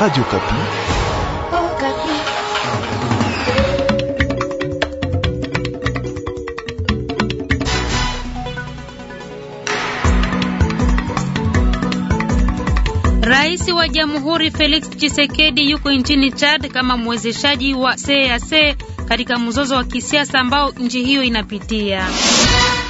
Radio Kapi. Oh, Kapi. Rais wa Jamhuri Felix Tshisekedi yuko nchini Chad kama mwezeshaji wa CAC katika mzozo wa kisiasa ambao nchi hiyo inapitia.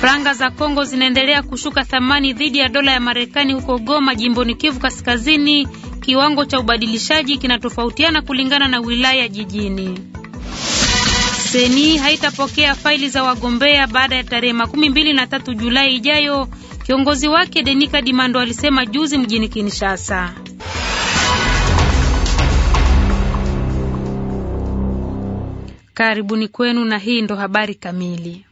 Franga za Kongo zinaendelea kushuka thamani dhidi ya dola ya Marekani huko Goma, jimboni Kivu Kaskazini kiwango cha ubadilishaji kinatofautiana kulingana na wilaya jijini. Seni haitapokea faili za wagombea baada ya tarehe makumi mbili na tatu Julai ijayo. Kiongozi wake Denika Dimando alisema juzi mjini Kinshasa. Karibuni kwenu na hii ndo habari kamili.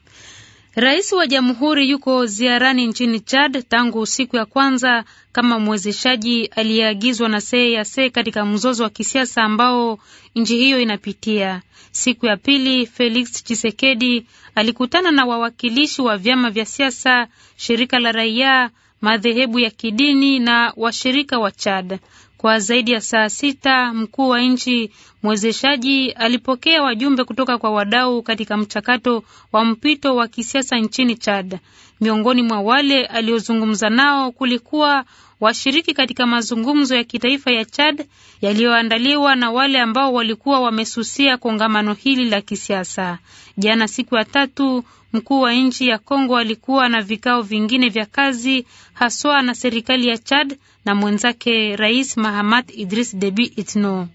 Rais wa jamhuri yuko ziarani nchini Chad tangu siku ya kwanza kama mwezeshaji aliyeagizwa na ya see katika mzozo wa kisiasa ambao nchi hiyo inapitia. Siku ya pili, Felix Tshisekedi alikutana na wawakilishi wa vyama vya siasa, shirika la raia, madhehebu ya kidini na washirika wa Chad. Kwa zaidi ya saa sita, mkuu wa nchi mwezeshaji alipokea wajumbe kutoka kwa wadau katika mchakato wa mpito wa kisiasa nchini Chad. Miongoni mwa wale aliozungumza nao kulikuwa washiriki katika mazungumzo ya kitaifa ya Chad yaliyoandaliwa na wale ambao walikuwa wamesusia kongamano hili la kisiasa. Jana siku ya tatu, mkuu wa nchi ya Kongo alikuwa na vikao vingine vya kazi haswa na serikali ya Chad na mwenzake Rais Mahamat Idris Deby Itno.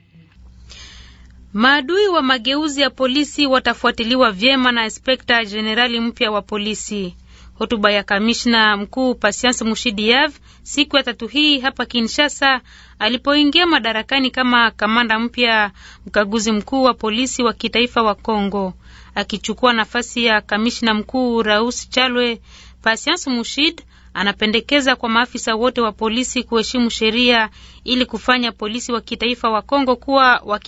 Maadui wa mageuzi ya polisi watafuatiliwa vyema na inspekta jenerali mpya wa polisi. Hotuba ya kamishna mkuu Patience Mushidi Yav siku ya tatu hii hapa Kinshasa alipoingia madarakani kama kamanda mpya mkaguzi mkuu wa polisi wa kitaifa wa Kongo akichukua nafasi ya kamishna mkuu Raus Chalwe. Patience Mushid anapendekeza kwa maafisa wote wa polisi kuheshimu sheria ili kufanya polisi wa kitaifa wa Kongo kuwa wa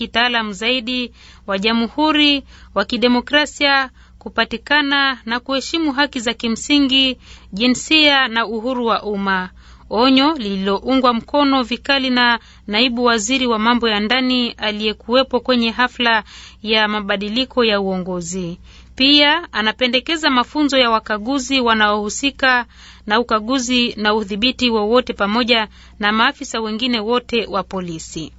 zaidi wa jamhuri wa kidemokrasia kupatikana na kuheshimu haki za kimsingi, jinsia na uhuru wa umma, onyo lililoungwa mkono vikali na naibu waziri wa mambo ya ndani aliyekuwepo kwenye hafla ya mabadiliko ya uongozi. Pia anapendekeza mafunzo ya wakaguzi wanaohusika na ukaguzi na udhibiti wowote pamoja na maafisa wengine wote wa polisi.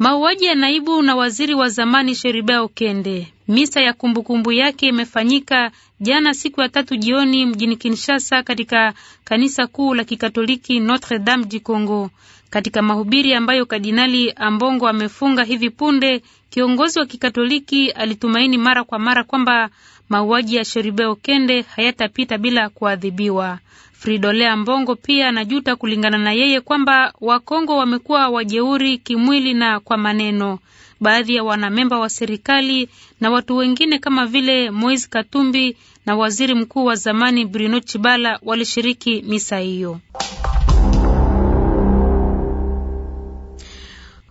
Mauaji ya naibu na waziri wa zamani Sheribao Kende. Misa ya kumbukumbu yake imefanyika jana siku ya tatu jioni mjini Kinshasa katika kanisa kuu la Kikatoliki Notre Dame du Congo. Katika mahubiri ambayo Kardinali Ambongo amefunga hivi punde, kiongozi wa Kikatoliki alitumaini mara kwa mara kwamba mauaji ya sheribe Kende hayatapita bila kuadhibiwa. Fridolea Mbongo pia anajuta kulingana na yeye kwamba Wakongo wamekuwa wajeuri kimwili na kwa maneno. Baadhi ya wanamemba wa serikali na watu wengine kama vile Moise Katumbi na waziri mkuu wa zamani Bruno Chibala walishiriki misa hiyo.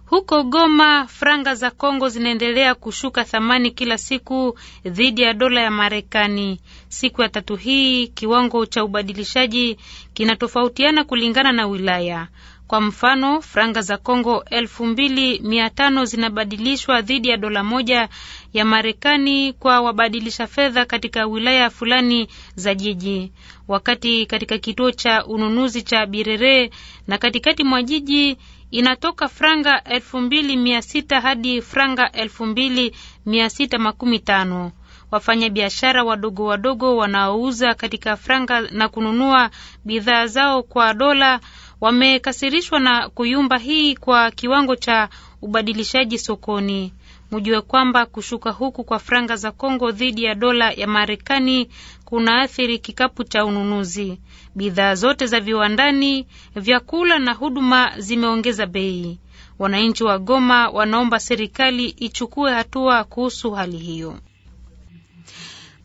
Huko Goma, franga za Kongo zinaendelea kushuka thamani kila siku dhidi ya dola ya Marekani siku ya tatu hii. Kiwango cha ubadilishaji kinatofautiana kulingana na wilaya. Kwa mfano, franga za Kongo elfu mbili mia tano zinabadilishwa dhidi ya dola moja ya Marekani kwa wabadilisha fedha katika wilaya fulani za jiji, wakati katika kituo cha ununuzi cha Birere na katikati mwa jiji inatoka franga elfu mbili mia sita hadi franga elfu mbili mia sita makumi tano wafanyabiashara wadogo wadogo wanaouza katika franga na kununua bidhaa zao kwa dola wamekasirishwa na kuyumba hii kwa kiwango cha ubadilishaji sokoni. mujue kwamba kushuka huku kwa franga za Kongo dhidi ya dola ya Marekani kuna athiri kikapu cha ununuzi. Bidhaa zote za viwandani, vyakula na huduma zimeongeza bei. Wananchi wa Goma wanaomba serikali ichukue hatua kuhusu hali hiyo.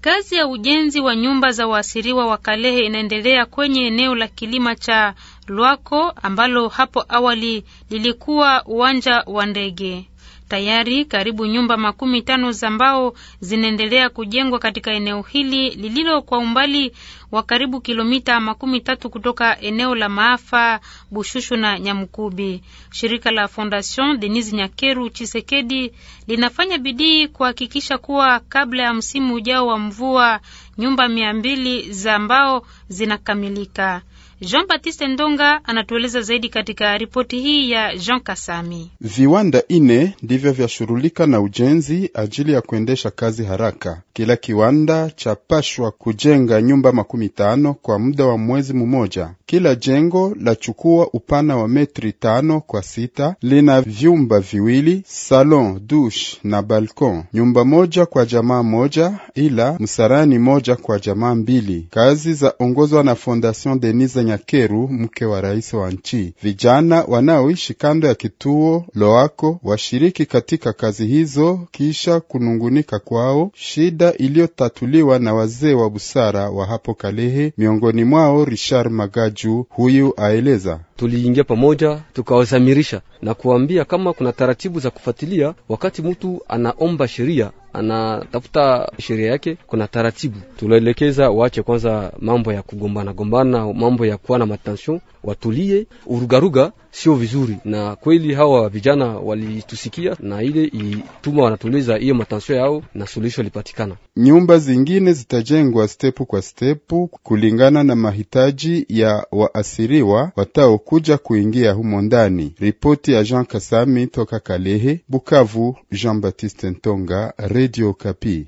Kazi ya ujenzi wa nyumba za waasiriwa wa Kalehe inaendelea kwenye eneo la kilima cha Lwako ambalo hapo awali lilikuwa uwanja wa ndege. Tayari karibu nyumba makumi tano za mbao zinaendelea kujengwa katika eneo hili lililo kwa umbali wa karibu kilomita makumi tatu kutoka eneo la maafa Bushushu na Nyamukubi. Shirika la Fondation Denis Nyakeru Chisekedi linafanya bidii kuhakikisha kuwa kabla ya msimu ujao wa mvua nyumba mia mbili za mbao zinakamilika. Jean Baptiste Ndonga anatueleza zaidi katika ripoti hii ya Jean Kasami. Viwanda ine ndivyo vyashughulika na ujenzi ajili ya kuendesha kazi haraka. Kila kiwanda chapashwa kujenga nyumba makumi tano kwa muda wa mwezi mmoja. Kila jengo la chukua upana wa metri tano kwa sita, lina vyumba viwili, salon, douche na balkon, nyumba moja kwa jamaa moja, ila msarani moja kwa jamaa mbili. Kazi za ongozwa na Fondation Denise Nyakeru, mke wa rais wa nchi. Vijana wanaoishi kando ya kituo Loako washiriki katika kazi hizo, kisha kunungunika kwao, shida iliyotatuliwa na wazee wa busara wa hapo Kalehe, miongoni mwao Richard Magaji juu huyu aeleza tuliingia pamoja tukawazamirisha na kuambia kama kuna taratibu za kufuatilia wakati mtu anaomba sheria anatafuta sheria yake, kuna taratibu tunaelekeza waache kwanza mambo ya kugombana gombana, mambo ya kuwa na matension, watulie. Urugaruga sio vizuri, na kweli hawa vijana walitusikia na ile ituma wanatuliza hiyo matension yao na suluhisho lipatikana. Nyumba zingine zitajengwa stepu kwa stepu kulingana na mahitaji ya waasiriwa wataokuja kuingia humo ndani. Ripoti ya Jean Kasami toka Kalehe, Bukavu, Jean Baptiste Ntonga, Re Radio Kapi.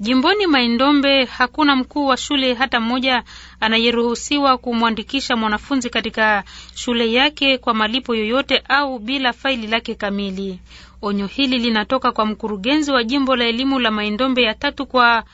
Jimboni Maindombe hakuna mkuu wa shule hata mmoja anayeruhusiwa kumwandikisha mwanafunzi katika shule yake kwa malipo yoyote au bila faili lake kamili. Onyo hili linatoka kwa mkurugenzi wa jimbo la elimu la Maindombe ya tatu kwa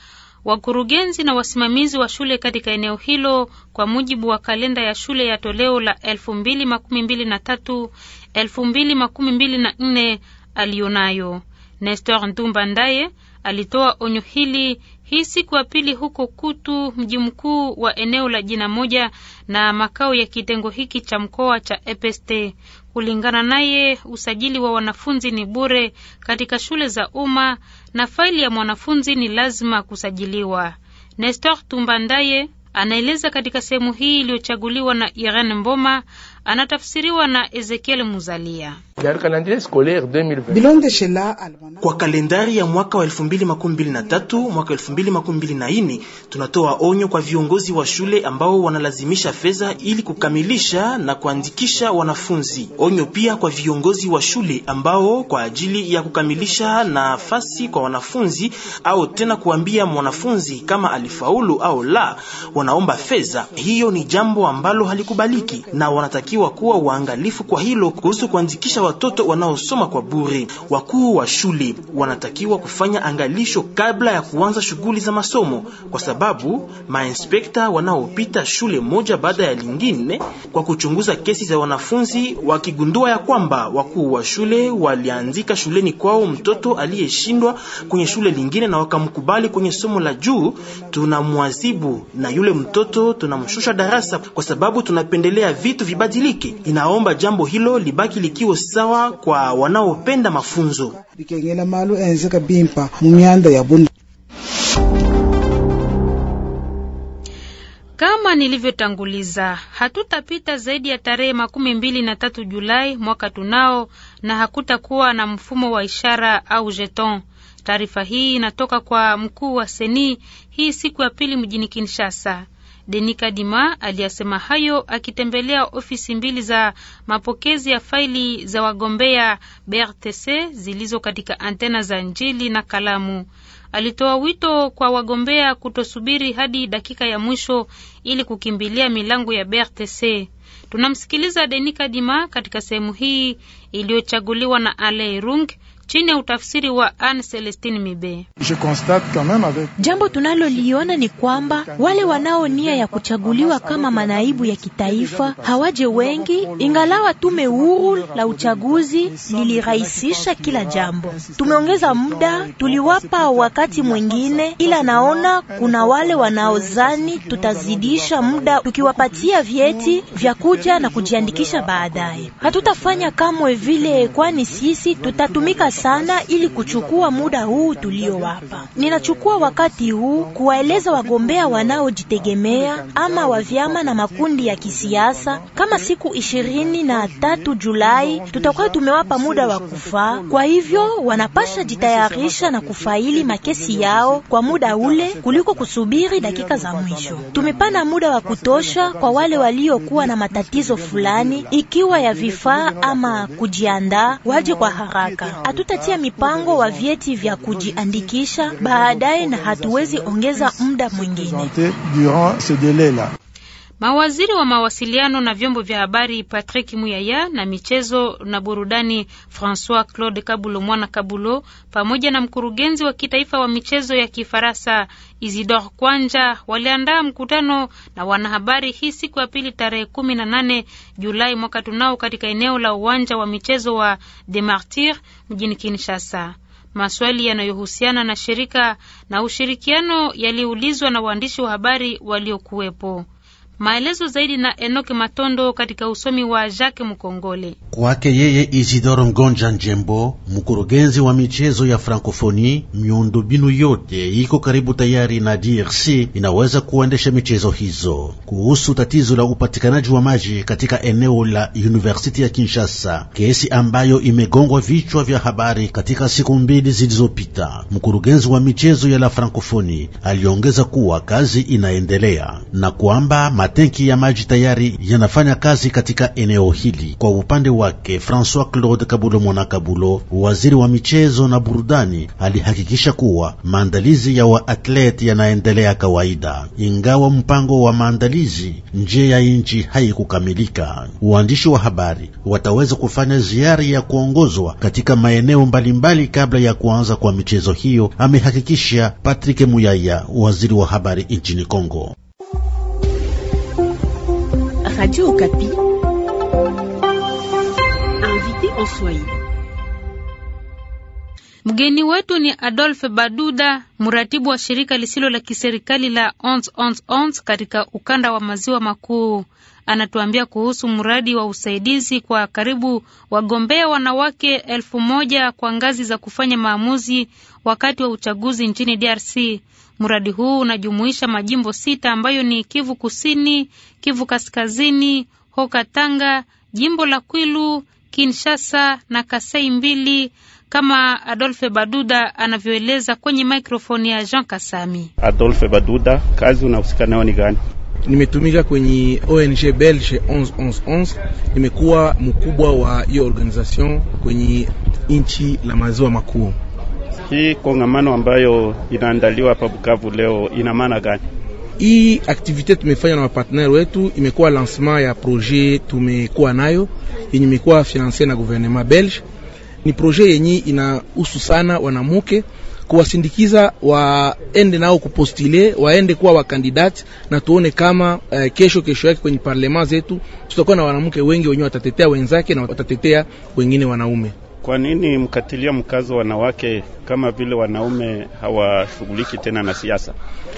wakurugenzi na wasimamizi wa shule katika eneo hilo kwa mujibu wa kalenda ya shule ya toleo la 2023 2024 aliyonayo. Nestor Ntumba Ndaye alitoa onyo hili hii siku ya pili huko Kutu, mji mkuu wa eneo la jina moja na makao ya kitengo hiki cha mkoa cha EPST. Kulingana naye, usajili wa wanafunzi ni bure katika shule za umma na faili ya mwanafunzi ni lazima kusajiliwa. Nestor tumbandaye anaeleza katika sehemu hii iliyochaguliwa na Irene Mboma anatafsiriwa na Ezekiel Muzalia. Kwa kalendari ya mwaka wa 2023 mwaka 2024, tunatoa onyo kwa viongozi wa shule ambao wanalazimisha fedha ili kukamilisha na kuandikisha wanafunzi. Onyo pia kwa viongozi wa shule ambao kwa ajili ya kukamilisha nafasi kwa wanafunzi au tena kuambia mwanafunzi kama alifaulu au la, wanaomba fedha. Hiyo ni jambo ambalo halikubaliki na wanatakiwa wanatakiwa kuwa waangalifu kwa hilo kuhusu kuandikisha watoto wanaosoma kwa bure. Wakuu wa shule wanatakiwa kufanya angalisho kabla ya kuanza shughuli za masomo, kwa sababu mainspekta wanaopita shule moja baada ya lingine kwa kuchunguza kesi za wanafunzi, wakigundua ya kwamba wakuu wa shule walianzika shuleni kwao mtoto aliyeshindwa kwenye shule lingine na wakamkubali kwenye somo la juu, tunamwazibu na yule mtoto tunamshusha darasa, kwa sababu tunapendelea vitu vibadi isibadilike, inaomba jambo hilo libaki likiwa sawa kwa wanaopenda mafunzo. Kama nilivyotanguliza, hatutapita zaidi ya tarehe makumi mbili na tatu Julai mwaka tunao, na hakutakuwa na mfumo wa ishara au jeton. Taarifa hii inatoka kwa mkuu wa seni hii siku ya pili mjini Kinshasa. Denikadima aliyasema hayo akitembelea ofisi mbili za mapokezi ya faili za wagombea BRTC zilizo katika antena za Njili na Kalamu. Alitoa wito kwa wagombea kutosubiri hadi dakika ya mwisho ili kukimbilia milango ya BRTC. Tunamsikiliza Denika Dima katika sehemu hii iliyochaguliwa na Ale Rung chini ya utafsiri wa Anne Celestine Mibe. Jambo tunaloliona ni kwamba wale wanao nia ya kuchaguliwa kama manaibu ya kitaifa hawaje wengi, ingalawa tume huru la uchaguzi lilirahisisha kila jambo. Tumeongeza muda, tuliwapa wakati mwingine, ila naona kuna wale wanaozani tutazidisha muda tukiwapatia vyeti vya kuja na kujiandikisha baadaye. Hatutafanya kamwe vile, kwani sisi tutatumika sana ili kuchukua muda huu tuliowapa. Ninachukua wakati huu kuwaeleza wagombea wanaojitegemea ama wa vyama na makundi ya kisiasa, kama siku ishirini na tatu Julai tutakuwa tumewapa muda wa kufaa. Kwa hivyo wanapasha jitayarisha na kufaili makesi yao kwa muda ule kuliko kusubiri dakika za mwisho. Tumepana muda wa kutosha kwa wale waliokuwa na matatizo fulani, ikiwa ya vifaa ama kujiandaa, waje kwa haraka. Atu tutatia mipango wa vyeti vya kujiandikisha baadaye, na hatuwezi ongeza muda mwingine. Mawaziri wa mawasiliano na vyombo vya habari Patrick Muyaya na michezo na burudani Francois Claude Kabulo Mwana Kabulo pamoja na mkurugenzi wa kitaifa wa michezo ya Kifaransa isidor Kwanja waliandaa mkutano na wanahabari hii siku ya pili tarehe kumi na nane Julai mwaka tunao katika eneo la uwanja wa michezo wa De Martir mjini Kinshasa. Maswali yanayohusiana na shirika na ushirikiano yaliulizwa na waandishi wa habari waliokuwepo. Maelezo zaidi na Enoke Matondo katika usomi wa Jacques Mukongole. Kwake yeye Isidoro Mgonja Njembo, mkurugenzi wa michezo ya miundu miundombinu yote iko karibu tayari na DRC inaweza kuendesha michezo hizo. Kuhusu tatizo la upatikanaji wa maji katika eneo la University ya Kinshasa, kesi ambayo imegongwa vichwa vya habari katika siku mbili zilizopita, mkurugenzi wa michezo ya la Francophonie aliongeza kuwa kazi inaendelea na kwamba Matenki ya maji tayari yanafanya kazi katika eneo hili. Kwa upande wake, Francois Claude Kabulo Mwana Kabulo, waziri wa michezo na burudani, alihakikisha kuwa maandalizi ya waatleti yanaendelea kawaida, ingawa mpango wa maandalizi nje ya nchi haikukamilika. Waandishi wa habari wataweza kufanya ziara ya kuongozwa katika maeneo mbalimbali kabla ya kuanza kwa michezo hiyo, amehakikisha Patrick Muyaya, waziri wa habari nchini Kongo. Radio Okapi. Invité en Swahili. Mgeni wetu ni Adolphe Baduda, mratibu wa shirika lisilo la kiserikali la Ons Ons Ons katika ukanda wa maziwa makuu. Anatuambia kuhusu mradi wa usaidizi kwa karibu wagombea wanawake elfu moja kwa ngazi za kufanya maamuzi wakati wa uchaguzi nchini DRC. Mradi huu unajumuisha majimbo sita ambayo ni Kivu Kusini, Kivu Kaskazini, Hoka Tanga, jimbo la Kwilu, Kinshasa na Kasai mbili kama adolfe Baduda anavyoeleza kwenye mikrofoni ya Jean Kasami. Adolfe Baduda, kazi unahusika nayo ni gani? Nimetumika kwenye ONG Belge 1111 nimekuwa mkubwa wa hiyo organization kwenye nchi la maziwa makuu hii kongamano ambayo inaandaliwa hapa Bukavu leo ina maana gani? Hii aktivite tumefanya na mapartenere wetu imekuwa lancement ya projet tumekuwa nayo yenye imekuwa finansie na gouvernement belge. Ni projet yenye inahusu sana wanamuke kuwasindikiza waende nao kupostile, waende kuwa wakandidati, na tuone kama uh, kesho kesho yake kwenye parlema zetu tutakuwa na wanamke wengi wenyewe watatetea wenzake na watatetea wengine wanaume. Kwa nini mkatilia mkazo wanawake kama vile wanaume hawashughuliki tena na siasa?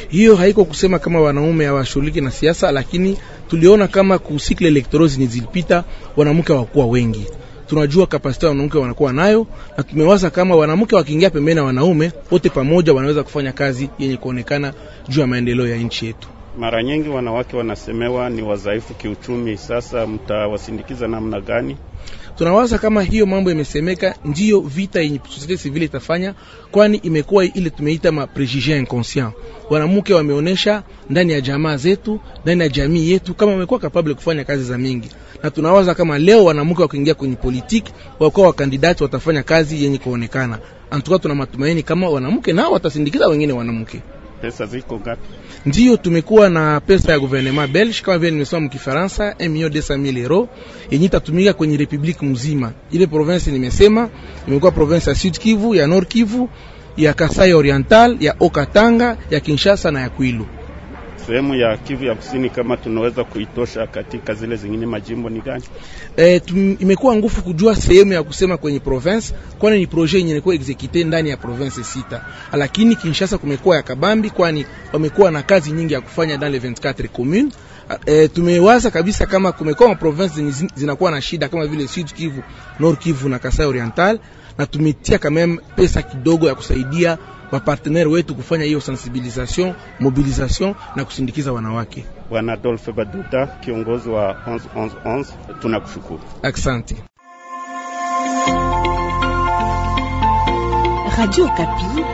Hiyo haiko kusema kama wanaume hawashughuliki na siasa, lakini tuliona kama kusikle elektoral ni zilipita wanamke hawakuwa wengi tunajua kapasiti ya wanawake wanakuwa nayo, na tumewaza kama wanamke wakiingia pembeni na wanaume wote pamoja, wanaweza kufanya kazi yenye kuonekana juu ya maendeleo ya nchi yetu. Mara nyingi wanawake wanasemewa ni wazaifu kiuchumi. Sasa mtawasindikiza namna gani? Tunawaza kama hiyo mambo yamesemeka, ndiyo vita yenye societe civile itafanya, kwani imekuwa ile tumeita ma prejuge inconscient. Wanamke wameonesha ndani ya jamaa zetu, ndani ya jamii yetu, kama wamekuwa capable kufanya kazi za mingi, na tunawaza kama leo wanamke wakiingia kwenye politiki, wakuwa wakandidati, watafanya kazi yenye kuonekana. Antuka tuna matumaini kama wanamke nao watasindikiza wengine wanamke pesa ziko ngapi? Ndiyo, tumekuwa na pesa ya gouvernement belge kama vile nimesema mkifaransa 1 milioni 200 euro yenye itatumika kwenye republique mzima. Ile province nimesema imekuwa province ya Sud Kivu, ya Nord Kivu, ya Kasai Oriental, ya Okatanga, ya Kinshasa na ya Kwilu sehemu ya Kivu ya Kusini kama tunaweza kuitosha katika zile zingine majimbo ni gani? E, imekuwa ngufu kujua sehemu ya kusema kwenye province, kwani ni projet yenye ilikuwa execute ndani ya province sita, lakini Kinshasa kumekuwa ya kabambi, kwani wamekuwa na kazi nyingi ya kufanya dans les 24 communes. E, tumewaza kabisa kama kumekuwa ma province zenye zinakuwa na shida kama vile Sud Kivu, Nord Kivu na Kasai Oriental, na tumetia kama pesa kidogo ya kusaidia wapartenere wetu kufanya hiyo sensibilisation mobilisation na kusindikiza wanawake. Bwana Adolphe Baduta, kiongozi wa 1111 tunakushukuru. Asante. Radio Kapi,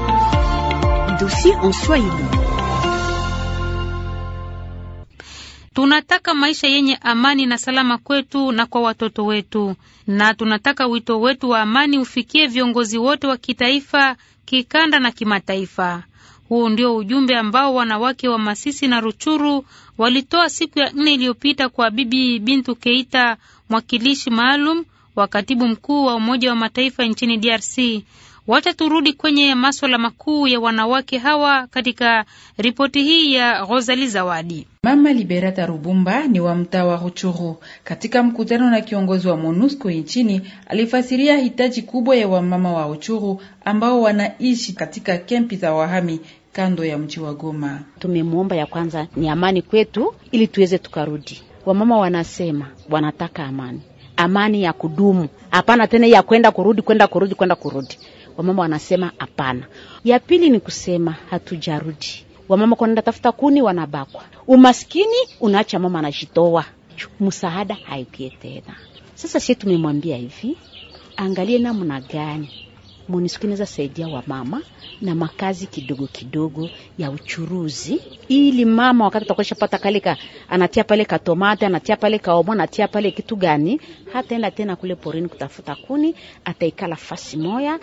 dossier en Swahili. Tunataka maisha yenye amani na salama kwetu na kwa watoto wetu, na tunataka wito wetu wa amani ufikie viongozi wote wa kitaifa kikanda na kimataifa. Huu ndio ujumbe ambao wanawake wa Masisi na Ruchuru walitoa siku ya nne iliyopita kwa Bibi Bintu Keita, mwakilishi maalum wa katibu mkuu wa Umoja wa Mataifa nchini DRC. Wacha turudi kwenye maswala makuu ya wanawake hawa katika ripoti hii ya Rosali Zawadi. Mama Liberata Rubumba ni wa mtaa wa Ruchuru. Katika mkutano na kiongozi wa MONUSCO nchini, alifasiria hitaji kubwa ya wamama wa Ruchuru ambao wanaishi katika kempi za wahami kando ya mji wa Goma. Tumemwomba ya kwanza ni amani kwetu, ili tuweze tukarudi. Wamama wanasema wanataka amani, amani ya kudumu, hapana tena ya kwenda kurudi, kwenda kurudi, kwenda kurudi wamama wanasema hapana. Ya pili ni kusema hatujarudi, wamama kwanaenda tafuta kuni, wanabakwa. Umaskini unaacha mama anajitoa, msaada haikie tena. Sasa sie tumemwambia hivi, angalie namna gani MONUSCO saidia wa mama na makazi kidogo kidogo ya uchuruzi, ili mama wakati atakwisha pata kale ka anatia pale ka tomate anatia pale ka omo anatia pale kitu gani, hataenda tena kule porini kutafuta kuni, ataikala fasi moya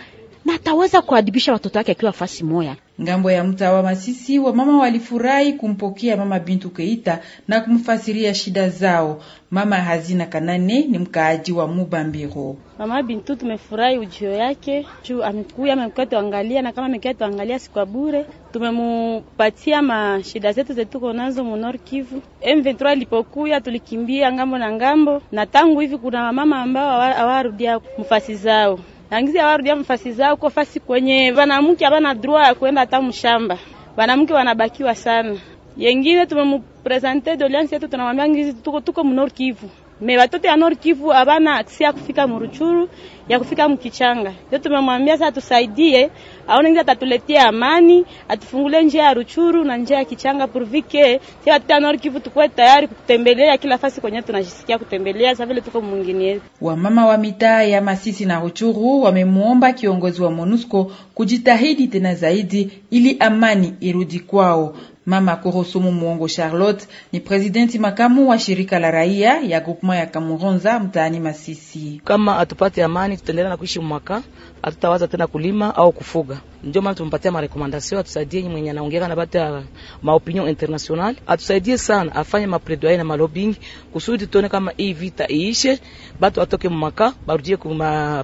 na ataweza kuadibisha watoto wake akiwa fasi moya. Ngambo ya mtaa wa Masisi, wamama walifurahi kumpokea mama Bintu Keita na kumfasiria shida zao. Mama Hazina Kanane ni mkaaji wa Mubambiro. Mama Bintu tumefurahi ujio yake juu amekuya, amekuya tuangalia, na kama amekuya tuangalia siku kwa bure. Tumemupatia mashida zetu zetuko nazo munor Kivu. M23 tulikimbia ngambo na ngambo, na tangu hivi kuna wamama ambao awarudia mfasi zao nangizi awarudia mfasi zao ko fasi kwenye vanamuke abana droa ya kuenda hata mshamba, wanamke wanabakiwa sana. Yengine tumemupresente doliansi yetu, tunamwambia ngizi tuko tuko mnor Kivu me batoto ya North Kivu abana aksia ya kufika Muruchuru ya kufika Mkichanga. Ndio tumemwambia sasa tusaidie, aone ndio atatuletea amani, atufungule njia ya Ruchuru na njia ya Kichanga purvike. watoto tuta North Kivu tukue tayari kutembelea kila fasi kwenye tunajisikia kutembelea sasa vile tuko mwingine yetu. Wamama wa mitaa ya Masisi na Ruchuru wamemuomba kiongozi wa MONUSCO kujitahidi tena zaidi ili amani irudi kwao. Mama Korosumu Muongo Charlotte ni presidenti makamu wa shirika la raia ya groupement ya Kamuronza mtaani Masisi. Kama hatupate amani, tutaendelea na kuishi mwaka hatutawaza tena kulima au kufuga. Ndio maana tumpatia marekomandasio, atusaidie mwenye anaongea na bata ya maopinion international, atusaidie sana, afanye mapredoye na malobing kusudi tuone kama hii vita iishe, batu watoke mumaka barudie kuma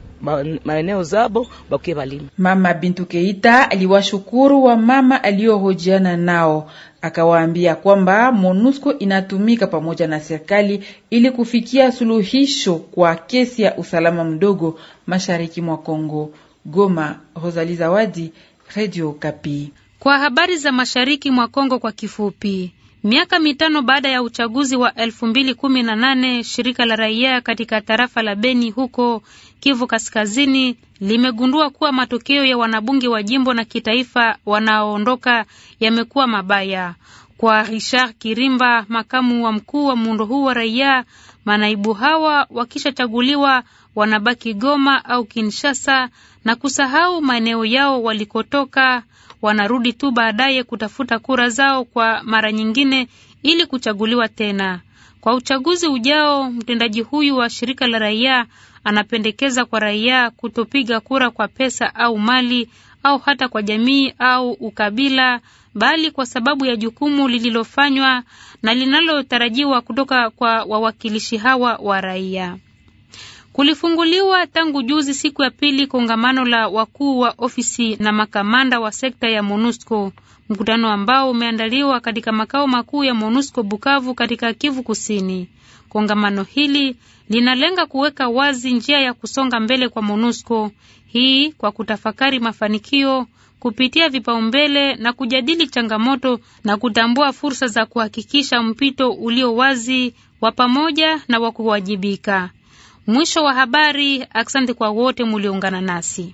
maeneo zabo bakie balima. Mama Bintu Keita aliwashukuru wa mama aliyohojiana nao. Akawaambia kwamba MONUSCO inatumika pamoja na serikali ili kufikia suluhisho kwa kesi ya usalama mdogo mashariki mwa Kongo. Goma, Rosali Zawadi, Radio Kapi. Kwa habari za mashariki mwa Kongo kwa kifupi. Miaka mitano baada ya uchaguzi wa 2018 shirika la raia katika tarafa la Beni huko Kivu Kaskazini limegundua kuwa matokeo ya wanabunge wa jimbo na kitaifa wanaoondoka yamekuwa mabaya. Kwa Richard Kirimba, makamu wa mkuu wa muundo huu wa raia, manaibu hawa wakishachaguliwa wanabaki Goma au Kinshasa na kusahau maeneo yao walikotoka. Wanarudi tu baadaye kutafuta kura zao kwa mara nyingine ili kuchaguliwa tena kwa uchaguzi ujao. Mtendaji huyu wa shirika la raia anapendekeza kwa raia kutopiga kura kwa pesa au mali au hata kwa jamii au ukabila, bali kwa sababu ya jukumu lililofanywa na linalotarajiwa kutoka kwa wawakilishi hawa wa raia. Kulifunguliwa tangu juzi siku ya pili kongamano la wakuu wa ofisi na makamanda wa sekta ya MONUSCO, mkutano ambao umeandaliwa katika makao makuu ya MONUSCO Bukavu katika Kivu Kusini. Kongamano hili linalenga kuweka wazi njia ya kusonga mbele kwa MONUSCO hii kwa kutafakari mafanikio kupitia vipaumbele na kujadili changamoto na kutambua fursa za kuhakikisha mpito ulio wazi wa pamoja na wa kuwajibika. Mwisho wa habari. Asante kwa wote mulioungana nasi.